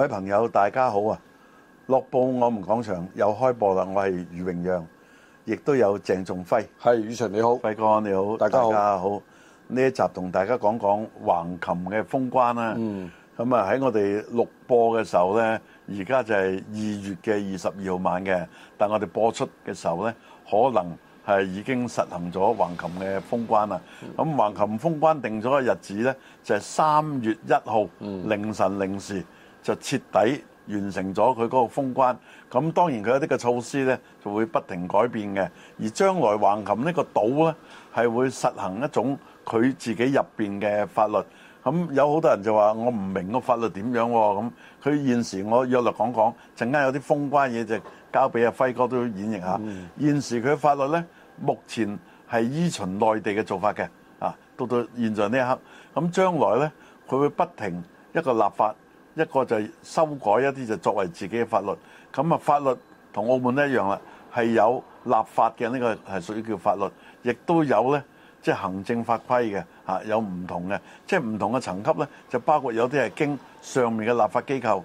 各位朋友，大家好啊！樂報，我們講場又開播啦。我係余榮讓，亦都有鄭仲輝。係宇晨你好，輝哥，你好，大家好。呢一集同大家講講橫琴嘅封關啦。嗯。咁、嗯、啊，喺我哋錄播嘅時候呢，而家就係二月嘅二十二號晚嘅，但我哋播出嘅時候呢，可能係已經實行咗橫琴嘅封關啦。咁、嗯嗯、橫琴封關定咗嘅日子呢，就係、是、三月一號、嗯、凌晨零時。就徹底完成咗佢嗰個封關咁，當然佢有啲嘅措施呢就會不停改變嘅。而將來橫琴呢個島呢，係會實行一種佢自己入面嘅法律。咁有好多人就話：我唔明個法律點樣喎咁。佢現時我約略講講，陣間有啲封關嘢就交俾阿輝哥都演繹下。現時佢嘅法律呢，目前係依循內地嘅做法嘅啊。到到現在呢一刻，咁將來呢，佢會不停一個立法。一個就修改一啲就作為自己嘅法律咁啊，法律同澳門一樣啦，係有立法嘅呢，呢個係屬於叫法律，亦都有呢，即係行政法規嘅嚇，有唔同嘅，即係唔同嘅層級呢就包括有啲係經上面嘅立法機構，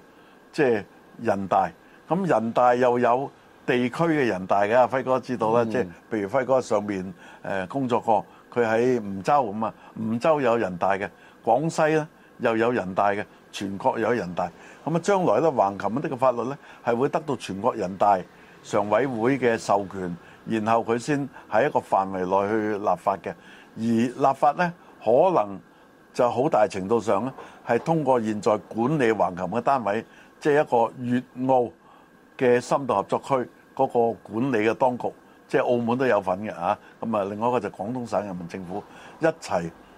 即係人大咁，人大又有地區嘅人大嘅，阿輝哥知道啦，即係譬如輝哥上面誒工作過，佢喺梧州咁啊，梧州有人大嘅，廣西呢，又有人大嘅。全國有人大,咁啊將來橫琴的法律係會得到全國人大常委會的授權,然後佢先喺一個範圍內去立法的。而立法呢,可能就很大程度上,係通過現在管理橫琴的單位,即係一個粵澳的深度合作區,那個管理的當局,即係澳門都有份的。另外一個,就是廣東省人民政府,一起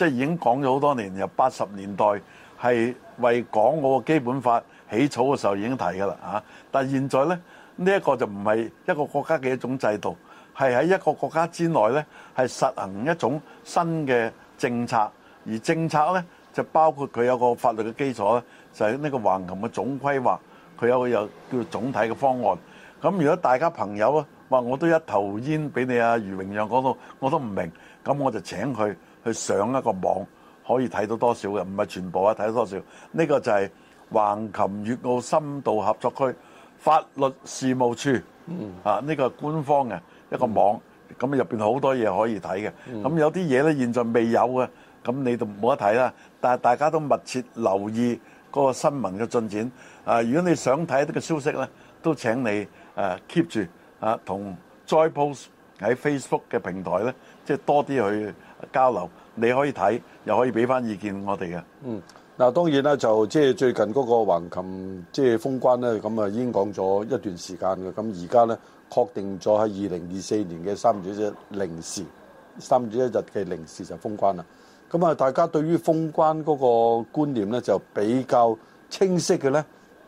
即係已經講咗好多年，由八十年代係為講我個基本法起草嘅時候已經提㗎啦吓。但現在呢，呢一個就唔係一個國家嘅一種制度，係喺一個國家之內呢，係實行一種新嘅政策，而政策呢，就包括佢有個法律嘅基礎呢，就係呢個橫琴嘅總規劃，佢有個叫總體嘅方案。咁如果大家朋友啊話我都一頭煙俾你啊，余榮讓講到我都唔明，咁我就請佢。去上一個網可以睇到多少嘅，唔係全部啊，睇到多少呢個就係橫琴粵澳深度合作區法律事務處啊。呢個係官方嘅一個網，咁入邊好多嘢可以睇嘅。咁有啲嘢咧，現在未有嘅，咁你就冇得睇啦。但係大家都密切留意嗰個新聞嘅進展啊。如果你想睇呢個消息咧，都請你誒 keep 住啊，同 join post 喺 Facebook 嘅平台咧，即係多啲去。交流，你可以睇，又可以俾翻意見我哋嘅。嗯，嗱，當然啦，就即係最近嗰個橫琴即係封關咧，咁啊已經講咗一段時間嘅。咁而家咧確定咗喺二零二四年嘅三月一日零時，三月一日嘅零時就封關啦。咁啊，大家對於封關嗰個觀念咧就比較清晰嘅咧，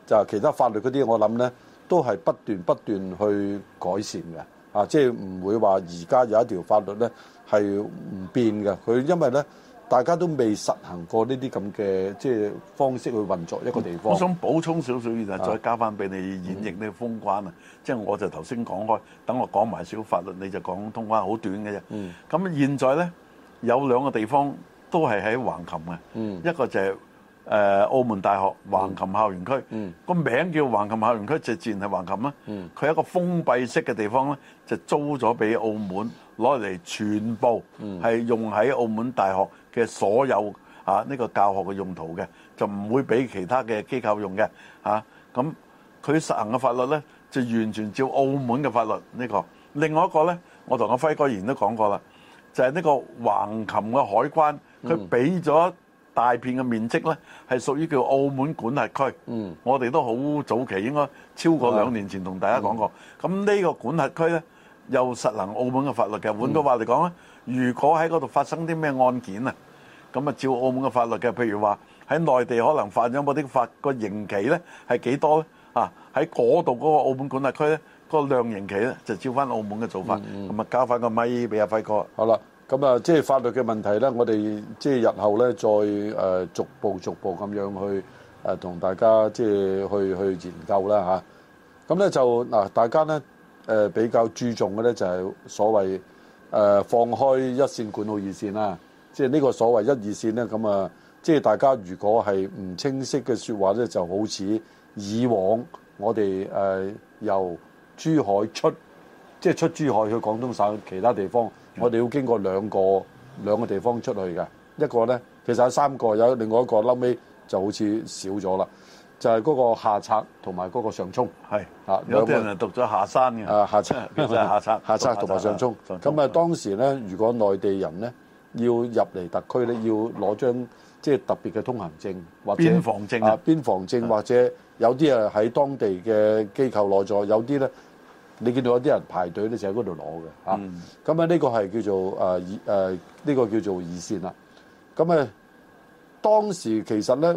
就其他法律嗰啲我諗咧都係不斷不斷去改善嘅。啊，即係唔會話而家有一條法律咧係唔變嘅。佢因為咧，大家都未實行過呢啲咁嘅即係方式去運作一個地方。嗯、我想補充少少，然後再加翻俾你演繹呢個封關啊、嗯。即係我就頭先講開，等我講埋少法律，你就講通關，好短嘅啫。嗯。咁現在咧有兩個地方都係喺橫琴嘅。嗯。一個就係、是。誒、呃，澳門大學橫琴校園區個名叫橫琴校園區，就、嗯、自然係橫琴啦。佢、嗯、一個封閉式嘅地方咧，就租咗俾澳門攞嚟，全部係用喺澳門大學嘅所有嚇呢、啊呢個教學嘅用途嘅，就唔會俾其他嘅機構用嘅嚇。咁、啊、佢實行嘅法律咧，就完全照澳門嘅法律呢、呢個。另外一個咧，我同阿輝哥前都講過啦，就係、是、呢個橫琴嘅海關，佢俾咗。大片嘅面積咧，係屬於叫澳門管轄區。嗯，我哋都好早期應該超過兩年前同大家講過。咁呢個管轄區咧，又實行澳門嘅法律嘅。換句話嚟講咧，如果喺嗰度發生啲咩案件啊，咁啊照澳門嘅法律嘅。譬如話喺內地可能犯咗某啲法個刑期咧，係幾多咧？啊，喺嗰度嗰個澳門管轄區咧，個量刑期咧就照翻澳門嘅做法，咁啊交翻個咪俾阿輝哥。好啦。咁啊，即係法律嘅問題咧，我哋即係日後咧，再誒逐步逐步咁樣去誒同大家即係去去研究啦吓，咁咧就，嗱，大家咧誒比較注重嘅咧就係所謂誒放開一線，管好二線啦。即係呢個所謂一二線咧，咁啊，即係大家如果係唔清晰嘅說話咧，就好似以往我哋誒由珠海出，即係出珠海去廣東省其他地方。我哋要經過兩個兩個地方出去嘅，一個咧其實有三個，有另外一個，後尾就好似少咗啦，就係、是、嗰個下策同埋嗰個上沖係，嚇有啲人讀咗下山嘅。啊，下策，下策，下策同埋上沖咁啊，當時咧，如果內地人咧要入嚟特區咧、嗯，要攞張即係、就是、特別嘅通行證或者邊防證啊，邊防證或者有啲啊喺當地嘅機構攞咗有啲咧。你見到有啲人排隊咧，就喺嗰度攞嘅嚇。咁啊，呢、呢個係叫做誒呢、呃呃呢個叫做二線啦。咁啊，當時其實咧，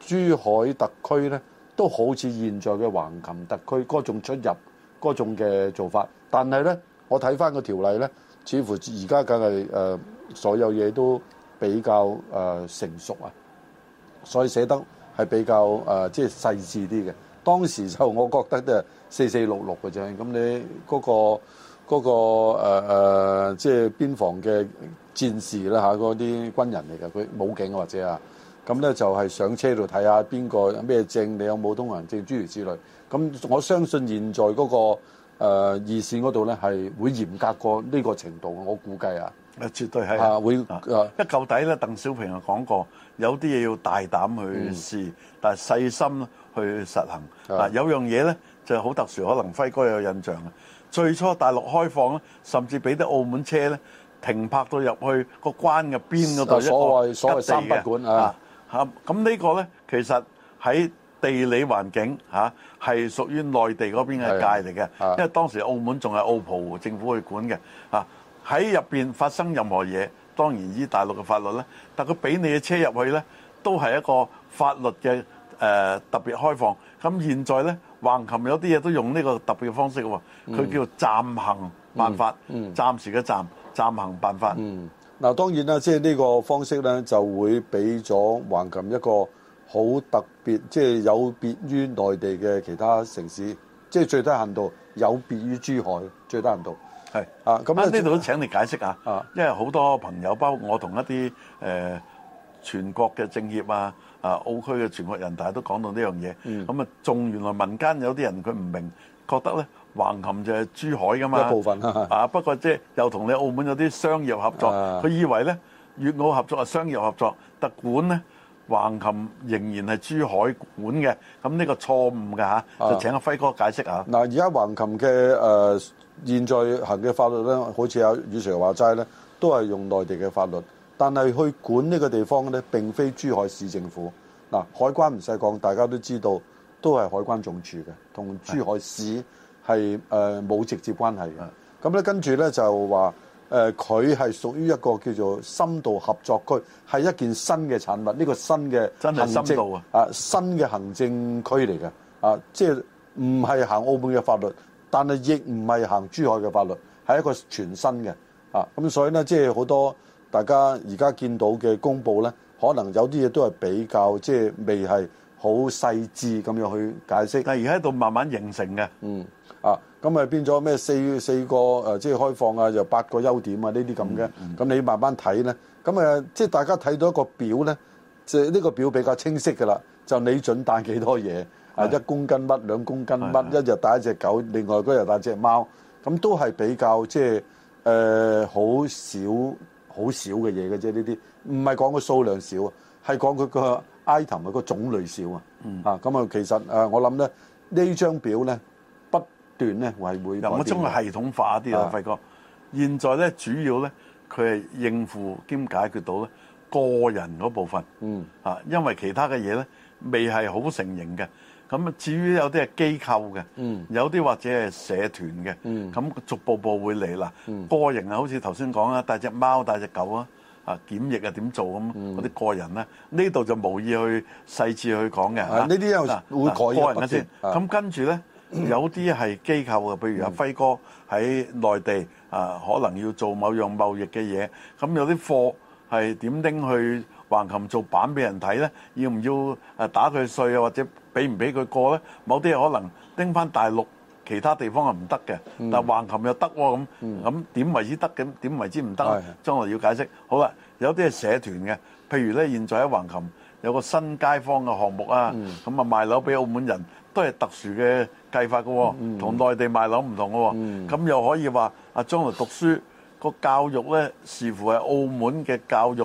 珠海特區咧都好似現在嘅橫琴特區嗰種出入嗰種嘅做法，但係咧，我睇翻個條例咧，似乎而家梗係誒所有嘢都比較誒、呃、成熟啊，所以寫得係比較誒、呃、即係細緻啲嘅。當時就我覺得都係四四六六嘅啫。咁你嗰個嗰個，呃呃，即係邊防嘅戰士啦嗰啲軍人嚟嘅，佢武警或者啊，咁咧就係上車度睇下邊個咩證，你有冇通行證諸如此類。咁我相信現在嗰個呃二線嗰度咧，係、呃、會嚴格過呢個程度。我估計啊，絕對係啊，會啊一舊底咧，鄧小平就講過，有啲嘢要大膽去試，嗯、但係細心。去實行啊！有樣嘢咧就係好特殊，可能輝哥有印象嘅。最初大陸開放咧，甚至俾啲澳門車咧停泊到入去、嗰個關嘅邊嗰度，所謂所謂三不管啊啊、啊、個吉地嘅啊嚇。咁呢個咧其實喺地理環境嚇係、啊、屬於內地嗰邊嘅界嚟嘅，因為當時澳門仲係澳葡政府去管嘅啊。喺入邊發生任何嘢，當然以大陸嘅法律咧，但佢俾你嘅車入去咧，都係一個法律嘅。誒、呃、特別開放，咁現在咧橫琴有啲嘢都用呢個特別嘅方式喎、哦，佢、嗯、叫暫行辦法，暫時嘅暫暫行辦法。嗯，嗱、嗯嗯、當然啦，即係呢個方式咧就會俾咗橫琴一個好特別，即、就、係、是、有別於內地嘅其他城市，即、就、係、是、最低限度有別於珠海最低限度。係啊，咁呢度都請你解釋下啊，因為好多朋友包括我同一啲誒、呃、全國嘅政協啊。啊！澳區嘅全國人大都講到呢樣嘢，咁啊，仲原來民間有啲人佢唔明，覺得咧橫琴就係珠海噶嘛一部分啊。不過即係又同你澳門有啲商業合作，佢以為咧粵澳合作係商業合作，特管咧橫琴仍然係珠海管嘅，咁呢個錯誤㗎吓，就請阿輝哥解釋嗱、啊，而家橫琴嘅誒、呃、現在行嘅法律咧，好似阿、啊、余 Sir 話齋咧，都係用內地嘅法律。但係去管呢個地方呢，並非珠海市政府嗱、啊。海關唔使講，大家都知道都係海關總署嘅，同珠海市係冇、呃、直接關係嘅。咁咧跟住呢就話誒，佢、呃、係屬於一個叫做深度合作區，係一件新嘅產物。呢、呢個新嘅行政真係深度啊，啊新嘅行政區嚟嘅啊，即係唔係行澳門嘅法律，但係亦唔係行珠海嘅法律，係一個全新嘅啊。咁所以呢，即係好多。大家而家見到嘅公佈咧，可能有啲嘢都係比較即係未係好細緻咁樣去解釋。但而家喺度慢慢形成嘅。嗯。啊，咁啊變咗咩四四個、呃、即係開放啊，就八個優點啊，呢啲咁嘅。咁、嗯嗯、你慢慢睇咧。咁誒、呃，即係大家睇到一個表咧，即係呢個表比較清晰㗎啦。就你準帶幾多嘢？啊，一公斤乜，兩公斤乜，一日帶一隻狗，另外嗰日帶一隻貓，咁都係比較即係誒好少。呃好少嘅嘢嘅啫，呢啲唔係講個數量少啊，係講佢個 item 啊個種類少啊。啊，咁啊，其實誒，我諗咧呢張表咧不斷咧係會，我將佢系統化啲啦，輝哥。現在咧主要咧佢係應付兼解決到咧個人嗰部分。嗯。啊，因為其他嘅嘢咧未係好成型嘅。咁啊，至於有啲係機構嘅，有啲或者係社團嘅，咁逐步步會嚟啦。個人啊，好似頭先講啊，帶隻貓、帶隻狗啊，啊，檢疫啊點做咁嗰啲個人咧？呢度就無意去細緻去講嘅。啊，呢啲又會改個人嘅先。咁跟住咧，有啲係機構嘅，譬如阿輝哥喺內地啊，可能要做某樣貿易嘅嘢，咁有啲貨係點拎去？橫琴做版俾人睇咧，要唔要打佢稅啊？或者俾唔俾佢過咧？某啲可能拎翻大陸其他地方係唔得嘅，但橫琴又得喎咁。咁點為之得嘅？點為之唔得？將來要解釋。好啦，有啲係社團嘅，譬如咧現在喺橫琴有個新街坊嘅項目啊，咁、嗯、啊賣樓俾澳門人都係特殊嘅計法嘅喎、啊，同內地賣樓唔同嘅喎、啊。咁、嗯嗯、又可以話啊，將來讀書、個教育咧，視乎係澳門嘅教育。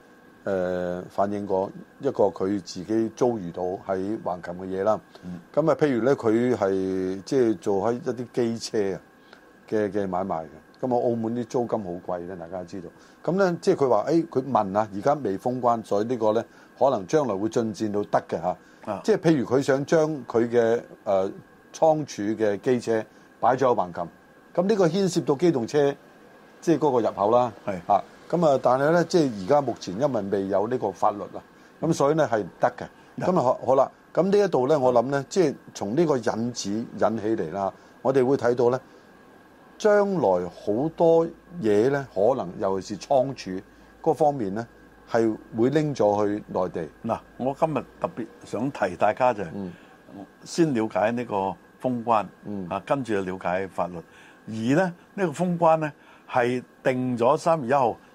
誒、呃、反映過一個佢自己遭遇到喺橫琴嘅嘢啦。咁、嗯、啊，那譬如咧，佢係即係做喺一啲機車嘅嘅買賣嘅。咁、嗯、啊，澳門啲租金好貴咧，大家知道。咁、嗯、咧，即係佢話：，誒、哎，佢問啊，而家未封關，所以呢個呢個咧，可能將來會進展到得嘅嚇。即係譬如佢想將佢嘅誒倉儲嘅機車擺咗喺橫琴，咁呢個牽涉到機動車，即係嗰個入口啦。係啊。咁啊！但係咧，即係而家目前因為未有呢個法律啊，咁所以咧係唔得嘅。咁、嗯、啊，好啦，咁呢一度咧，我諗咧，即係從呢個引子引起嚟啦，我哋會睇到咧，將來好多嘢咧，可能尤其是倉儲嗰方面咧，係會拎咗去內地。嗱、嗯，我今日特別想提大家就係先了解呢個封關，嗯、啊，跟住了解法律。而咧，呢、呢個封關咧係定咗三月一號。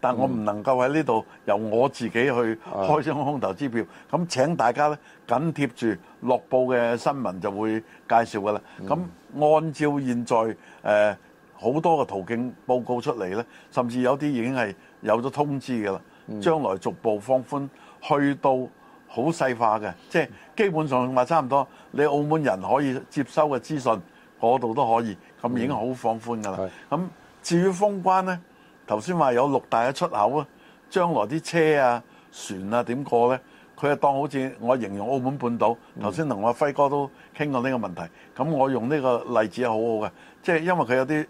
但我唔能夠喺呢度由我自己去開張空頭支票，咁請大家咧緊貼住樂報嘅新聞就會介紹㗎啦。咁、嗯、按照現在誒好、呃、多嘅途徑報告出嚟呢甚至有啲已經係有咗通知㗎啦、嗯。將來逐步放寬，去到好細化嘅，即係基本上話差唔多，你澳門人可以接收嘅資訊，嗰度都可以，咁已經好放寬㗎啦。咁、嗯、至於封關呢？頭先話有六大嘅出口啊！將來啲車啊、船啊點過呢？佢就當好似我形容澳門半島。頭先同我輝哥都傾過呢個問題。咁、嗯、我用呢個例子係好好嘅，即係因為佢有啲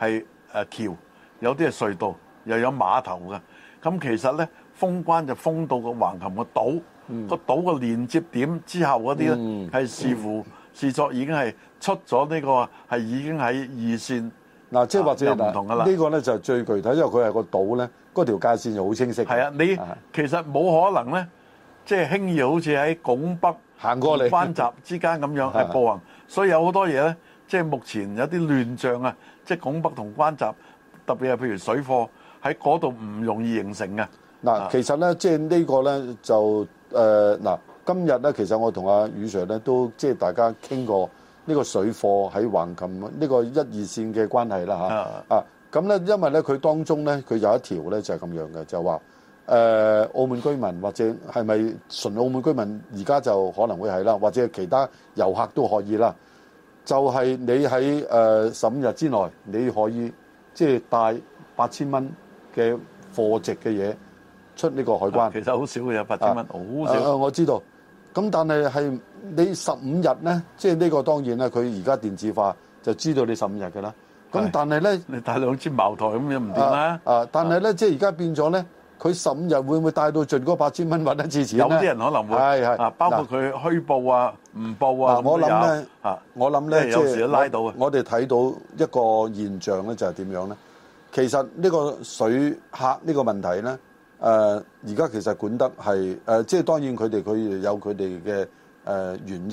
係誒橋，有啲係隧道，又有碼頭嘅。咁其實呢，封關就封到個橫琴個島，個島個連接點之後嗰啲呢，係視乎、嗯嗯、視作已經係出咗呢、這個係已經喺二線。.嗱，即係或者又唔同噶啦。呢個咧就最具體，因為佢係個島咧，嗰條界線就好清晰嘅。係啊，你其實冇可能咧，即係輕易好似喺拱北行過嚟關閘之間咁樣係步行。所以有好多嘢咧，即係目前有啲亂象啊，即係拱北同關閘，特別係譬如水貨喺嗰度唔容易形成嘅。嗱，其實咧，即係呢個咧就誒嗱，今日咧其實我同阿余 Sir 咧都即係大家傾過。呢、這個水貨喺橫琴呢、這個一二線嘅關係啦嚇啊咁咧、啊，因為咧佢當中咧佢有一條咧就係咁樣嘅，就話、是、誒、呃、澳門居民或者係咪純澳門居民而家就可能會係啦，或者係其他遊客都可以啦。就係、是、你喺誒十五日之內，你可以即係帶八千蚊嘅貨值嘅嘢出呢個海關。啊、其實好少嘅，有八千蚊，好、啊、少的、啊。我知道。咁但係係你十五日咧，即係呢個當然啦，佢而家電子化就知道你十五日嘅啦。咁但係咧，你帶兩支茅台咁樣唔掂啦。啊，但係咧，即係而家變咗咧，佢十五日會唔會帶到盡嗰八千蚊揾一次錢咧？有啲人可能會係係啊，包括佢虛報啊、唔、啊、報啊，我諗咧，我諗咧，即係有時拉到啊。我哋睇、啊就是、到，到一個現象咧，就係點樣咧？其實呢個水客呢個問題咧。誒而家其實管得係誒、呃，即係當然佢哋佢有佢哋嘅誒原因，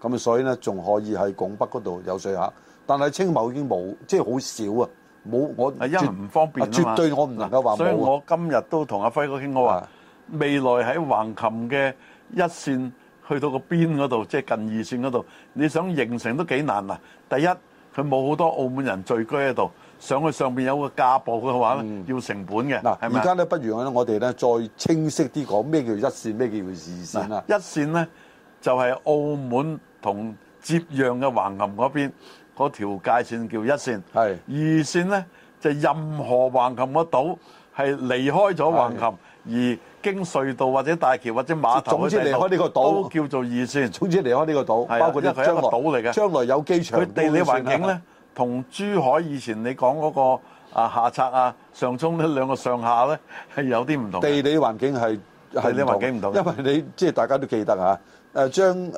咁啊所以咧仲可以喺拱北嗰度有水客，但係青茂已經冇，即係好少啊，冇我因唔方便啊，絕對我唔能夠話冇、啊、所以我今日都同阿輝哥傾過話，未來喺橫琴嘅一線去到個邊嗰度，即、就、係、是、近二線嗰度，你想形成都幾難啊。第一佢冇好多澳門人聚居喺度。上去上邊有個架步嘅話咧、嗯，要成本嘅。嗱，而家咧不如我哋咧再清晰啲講，咩叫一線，咩叫二線啊？一線咧就係、是、澳門同接壤嘅橫琴嗰邊嗰條界線叫一線。係二線咧就任何橫琴嘅島係離開咗橫琴而經隧道或者大橋或者碼頭道總之離開呢個島，叫做二線。總之離開呢個島，啊、包括一個島嚟嘅。將來有機場。佢地理環境咧。同珠海以前你講嗰個啊下策啊上沖咧兩個上下咧係有啲唔同，地理環境係係啲環境唔同，因為你即係大家都記得啊將將誒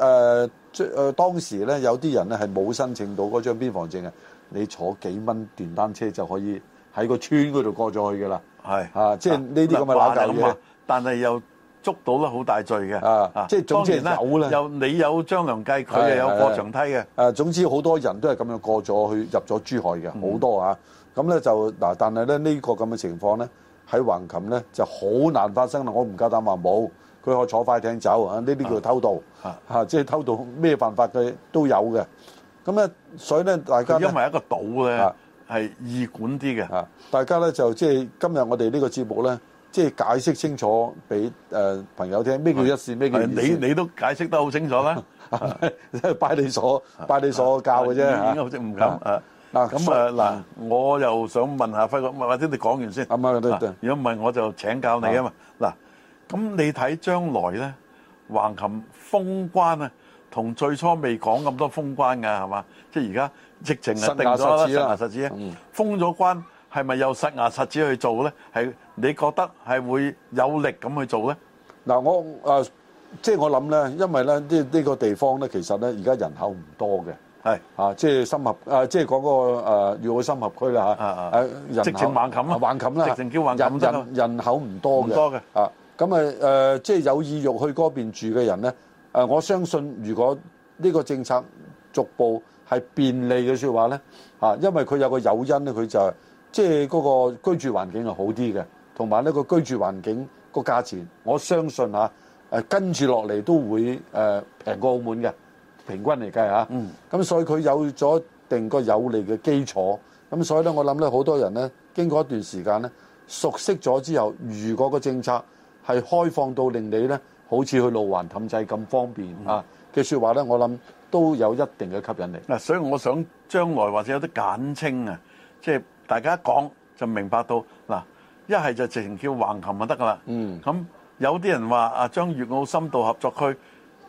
誒、呃、當時咧有啲人咧係冇申請到嗰張邊防證嘅，你坐幾蚊電單車就可以喺個村嗰度過咗去㗎啦，係啊，即係呢啲咁嘅老竇嘢，但係又。捉到啦，好大罪嘅。啊，即、啊、係總之有咧，有呢你有張良計，佢又有過牆梯嘅。誒，總之好多人都係咁樣過咗去入咗珠海嘅，好、嗯、多啊。咁咧就嗱、啊，但係咧呢、呢個咁嘅情況咧，喺橫琴咧就好難發生啦。我唔夠膽話冇，佢可以坐快艇走啊。呢、啊、啲叫偷渡嚇嚇，即、啊、係、啊就是、偷渡咩犯法嘅都有嘅。咁、啊、咧，所以咧，大家因為一個島咧係易管啲嘅。嚇、啊啊，大家咧就即係今日我哋呢個節目咧。即係解釋清楚俾誒朋友聽，咩叫一線，咩叫二線。你你都解釋得好清楚啦，拜你所拜你所教嘅啫嚇。好似唔敢啊！咁啊嗱，我又想問下輝哥，或者你講完先。啱啱都，如果唔係我就請教你啊嘛。嗱，咁你睇將來咧，橫琴封關啊，同最初未講咁多封關㗎係嘛？即係而家直情係定咗啦，實質啊，封咗關。係咪又實牙實齒去做咧？係你覺得係會有力咁去做咧？嗱，我、呃我想這個、啊，即我諗咧，因為咧，呢呢、呢個地方咧，其實咧而家人口唔多嘅啊，即係深合即係講嗰個誒粵澳深合區啦嚇啊啊直情橫琴啊，橫琴啦，直情叫橫琴人口唔多嘅啊，咁啊即係有意欲去嗰邊住嘅人咧、啊、我相信如果呢個政策逐步係便利嘅説話咧啊，因為佢有個誘因咧，佢就係。即係嗰個居住環境係好啲嘅，同埋呢個居住環境個價錢，我相信啊，呃、跟住落嚟都會誒平、呃、過澳門嘅平均嚟計嚇。嗯，咁所以佢有咗一定個有利嘅基礎，咁所以咧我諗咧好多人咧經過一段時間咧熟悉咗之後，如果個政策係開放到令你咧好似去路環氹仔咁方便、嗯、啊嘅說話咧，我諗都有一定嘅吸引力。嗱、啊，所以我想將來或者有啲簡稱啊，即係。大家一講就明白到嗱，一係就直情叫橫琴就得㗎喇。咁有啲人話啊，將粵澳深度合作區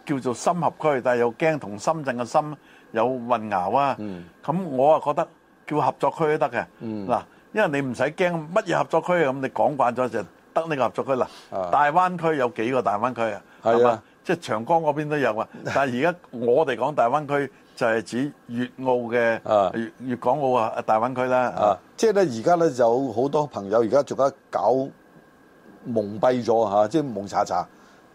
叫做深合區，但係又驚同深圳嘅深有混淆啊。咁我啊覺得叫合作區都得嘅。嗱，因為你唔使驚乜嘢合作區啊，咁你講慣咗就得呢個合作區喇。大灣區有幾個大灣區啊？係嘛，即係長江嗰邊都有啊。但係而家我哋講大灣區。就係、是、指粵澳嘅粵粵港澳啊大灣區啦、啊，啊，即係咧而家咧有好多朋友而家仲喺搞蒙蔽咗啊嚇即係蒙查查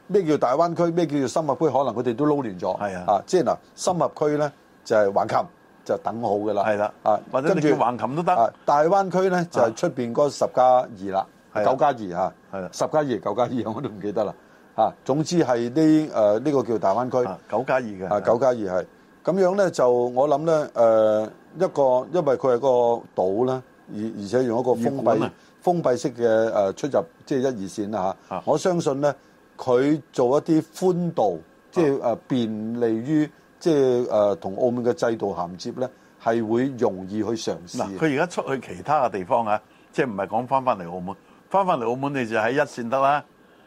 咩叫大灣區，咩叫做深合區，可能佢哋都撈亂咗，係啊，啊，即係嗱深合區咧就係、是、橫琴就等好噶啦，係啦、啊，啊，或者你叫橫琴都得、啊，大灣區咧就係出邊嗰十加二啦，九加二啊，係十加二、九加二我都唔記得啦，嚇、啊，總之係呢誒呢個叫大灣區，九加二嘅，啊九加二係。咁樣咧就我諗咧，誒、呃、一個因為佢係個島啦，而而且用一個封閉封閉式嘅誒出入，即係一二線、啊、我相信咧，佢做一啲寬度，即係誒便利於，即係誒同澳門嘅制度銜接咧，係會容易去嘗試。嗱、啊，佢而家出去其他嘅地方啊，即係唔係講翻翻嚟澳門？翻翻嚟澳門你就喺一線得啦，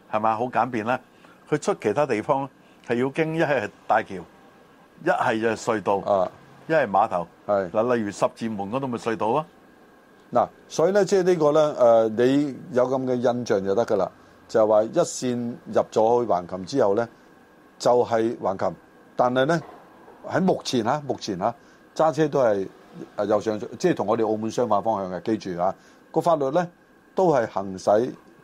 係嘛？好簡便啦。佢出其他地方係要經一係大橋。一係就係隧道，一係碼頭。嗱，例如十字門嗰度咪隧道啊！嗱，所以咧，即係呢個咧，誒，你有咁嘅印象就得噶啦。就係話一線入咗去橫琴之後咧，就係橫琴。但係咧，喺目前啊，目前啊，揸車都係右上，即係同我哋澳門相反方向嘅。記住啊，個法律咧都係行使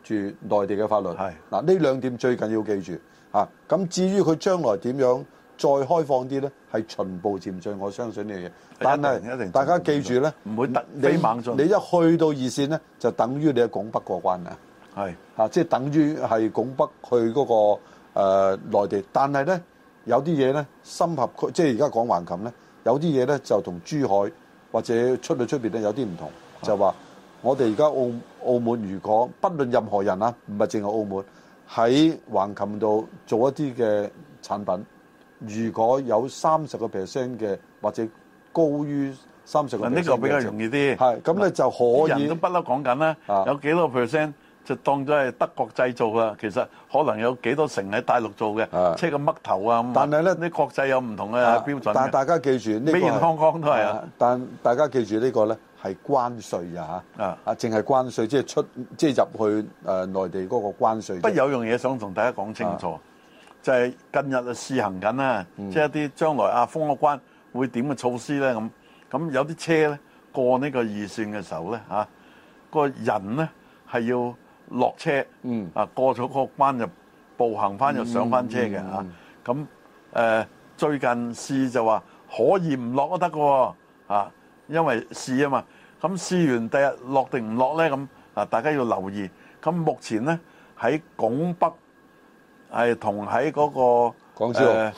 住內地嘅法律。係嗱，呢兩點最緊要記住啊。咁至於佢將來點樣？再開放啲呢，係循步漸進。我相信呢樣嘢，但係大家記住呢，唔會突飛猛進。你一去到二線呢，就等於你喺拱北過關是啊，係嚇，即係等於係拱北去嗰、那個誒、呃、內地。但係呢，有啲嘢呢，深合區即係而家講橫琴呢，有啲嘢呢，就同珠海或者出到出邊呢，有啲唔同，是就話我哋而家澳澳門，如果不論任何人啊，唔係淨係澳門喺橫琴度做一啲嘅產品。如果有三十個 percent 嘅或者高於三十、這個呢 e 比較容易啲。係咁咧就可以。咁不嬲講緊啦。有幾多 percent 就當咗係德國製造啊？其實可能有幾多成喺大陸做嘅車嘅麥頭啊。但係咧，你國際有唔同嘅標準的。但大家記住呢、這個。比如康康都係啊是。但大家記住呢個咧係關稅啊嚇。啊。啊，淨係關稅，即、就、係、是、出即係、就是、入去誒內、呃、地嗰個關稅。不有樣嘢想同大家講清楚。就係、是、近日啊試行緊啦、嗯，即係一啲將來啊封個關會點嘅措施咧咁。咁有啲車咧過呢個二線嘅時候咧嚇，個、啊、人咧係要落車，嗯、啊過咗個關就步行翻、嗯、又上翻車嘅嚇。咁、嗯、誒、嗯啊呃、最近試就話可，可以唔落都得嘅喎啊，因為試啊嘛。咁試完第日落定唔落咧咁啊，大家要留意。咁目前咧喺拱北。係同喺嗰個講笑、呃，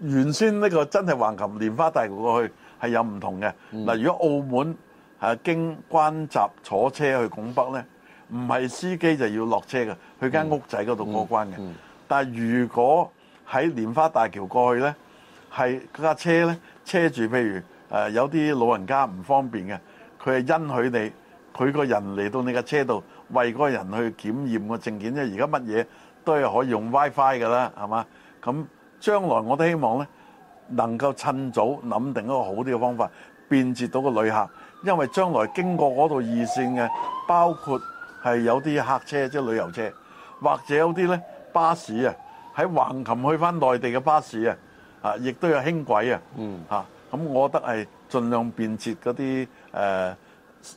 原先呢個真係橫琴蓮花大橋過去係有唔同嘅嗱、嗯。如果澳門係、啊、經關閘坐車去拱北咧，唔係司機就要落車嘅，去間屋仔嗰度過關嘅、嗯嗯嗯。但如果喺蓮花大橋過去咧，係架車咧車住，譬如誒、呃、有啲老人家唔方便嘅，佢係因許你佢個人嚟到你架車度為嗰個人去檢驗個證件，因而家乜嘢？都係可以用 WiFi 嘅啦，係嘛？咁將來我都希望呢，能夠趁早諗定一個好啲嘅方法，便捷到個旅客。因為將來經過嗰度二線嘅，包括係有啲客車即係、就是、旅遊車，或者有啲呢巴士啊，喺橫琴去翻內地嘅巴士啊、嗯，啊，亦都有輕軌啊，嗯，嚇，咁我覺得係盡量便捷嗰啲誒。呃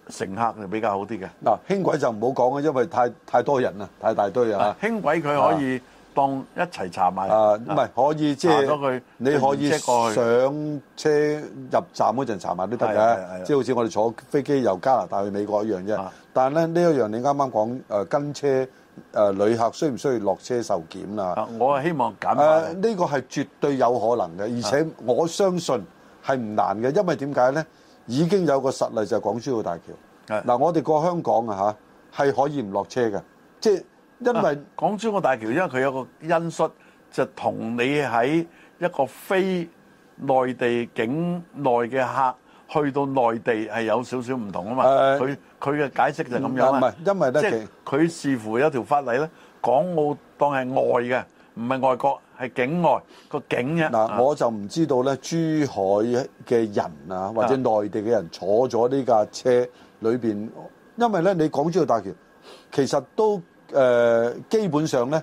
乘客就比較好啲嘅嗱，輕軌就唔好講啦，因為太太多人啦，太大堆啊！輕軌佢可以當一齊查埋啊，唔係可以即係查咗佢，你可以上車入站嗰陣查埋都得嘅，即係好似我哋坐飛機由加拿大去美國一樣啫。但係咧呢一樣你啱啱講誒跟車誒旅客需唔需要落車受檢啊？我係希望減。誒呢個係絕對有可能嘅，而且我相信係唔難嘅，因為點解咧？已經有個實例就係港珠澳大橋。嗱，我哋過香港啊嚇，係可以唔落車嘅，即係因為港珠澳大橋，因為佢有個因素就同你喺一個非內地境內嘅客去到內地係有少少唔同啊嘛。佢佢嘅解釋就係咁樣啦。因為咧，即係佢視乎有條法例咧，港澳當係外嘅。唔係外國，係境外、個境啫。嗱，我就唔知道咧，啊、珠海嘅人啊，或者內地嘅人坐咗呢架車裏面，因為咧，你港珠澳大橋其實都誒、呃、基本上咧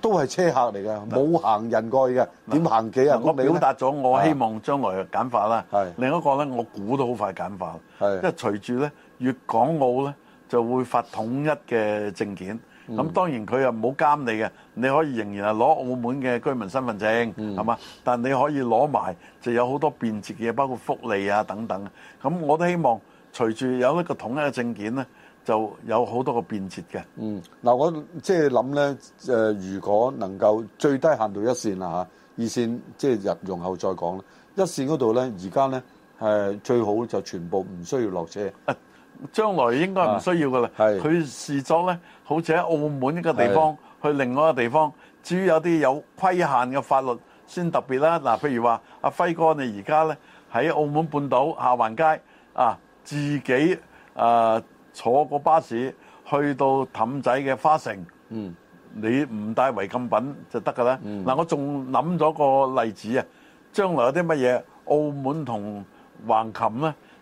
都係車客嚟嘅，冇、啊、行人過去嘅。點、啊、行幾啊？我表達咗我希望將來簡化啦。係、啊、另一個咧，我估到好快簡化，啊、因為隨住咧粵港澳咧就會發統一嘅證件。咁、嗯、當然佢又唔好監你嘅，你可以仍然係攞澳門嘅居民身份證，係、嗯、嘛？但你可以攞埋就有好多便捷嘅嘢，包括福利啊等等。咁我都希望隨住有一個統一嘅證件呢，就有好多個便捷嘅。嗯，嗱我即係諗呢、呃，如果能夠最低限度一線啦吓、啊，二線即係入用後再講啦。一線嗰度呢，而家呢、啊，最好就全部唔需要落車。啊將來應該唔需要噶啦，佢試咗呢，好似喺澳門一個地方去另外一個地方，至於有啲有規限嘅法律先特別啦。嗱，譬如話阿輝哥，你而家呢，喺、呃、澳門半島下環街啊，自己啊、呃、坐個巴士去到氹仔嘅花城，嗯、你唔帶違禁品就得噶啦。嗱、嗯呃，我仲諗咗個例子啊，將來有啲乜嘢澳門同橫琴呢。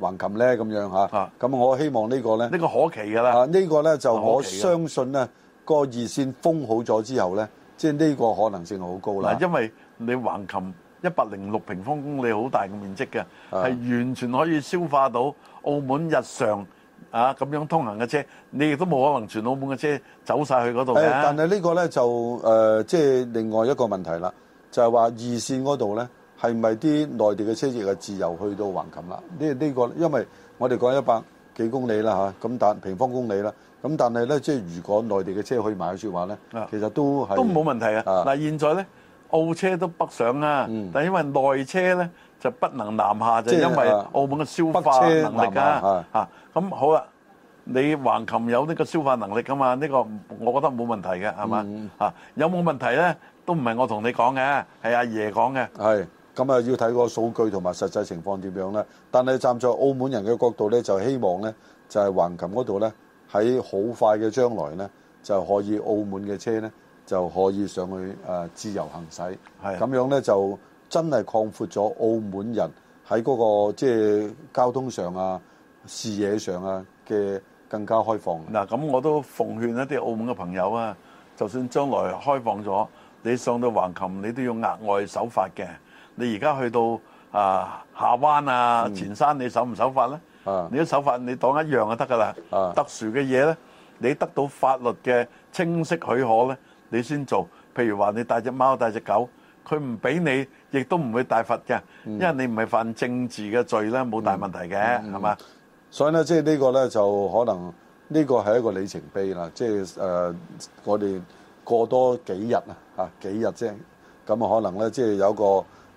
橫琴咧咁樣吓，咁、啊、我希望個呢個咧呢個可期噶啦。啊這個，呢個咧就我相信咧，呢個二線封好咗之後咧，即係呢個可能性好高啦。因為你橫琴一百零六平方公里好大嘅面積嘅，係、啊、完全可以消化到澳門日常啊咁樣通行嘅車，你亦都冇可能全澳門嘅車走晒去嗰度，啊、但係呢個咧就誒，即，呃、係、就是，另外一個問題啦，就係、是，話二線嗰度咧。係咪啲內地嘅車亦係自由去到橫琴啦？呢呢個因為我哋講一百幾公里啦嚇，咁但平方公里啦，咁但係咧即係如果內地嘅車可以買嘅説話咧，其實都係都冇問題嘅。嗱，現在咧澳車都北上啊，但因為內車咧就不能南下，就因為澳門嘅消化能力㗎嚇。咁好啦，你橫琴有呢個消化能力㗎嘛？呢個我覺得冇問題嘅係嘛嚇？有冇問題咧？都唔係我同你講嘅，係阿爺講嘅。咁啊，要睇個數據同埋實際情況點樣咧？但係站在澳門人嘅角度咧，就希望咧就係、是、橫琴嗰度咧喺好快嘅將來咧就可以澳門嘅車咧就可以上去誒、呃、自由行駛，係咁樣咧就真係擴闊咗澳門人喺嗰、那個即係、就是、交通上啊視野上啊嘅更加開放嗱。咁我都奉勸一啲澳門嘅朋友啊，就算將來開放咗，你上到橫琴你都要額外守法嘅。你而家去到啊夏、呃、灣啊、嗯、前山你守唔守啊，你守唔守法咧？你都守法，你當一樣就得噶啦。特殊嘅嘢咧，你得到法律嘅清晰許可咧，你先做。譬如話你帶隻貓帶隻狗，佢唔俾你，亦都唔會帶罰嘅、嗯，因為你唔係犯政治嘅罪咧，冇大問題嘅，係、嗯、嘛、嗯嗯？所以咧，即係呢個咧就可能呢個係一個里程碑啦。即係誒，我哋過多幾日啊啊幾日啫，咁啊可能咧即係有一個。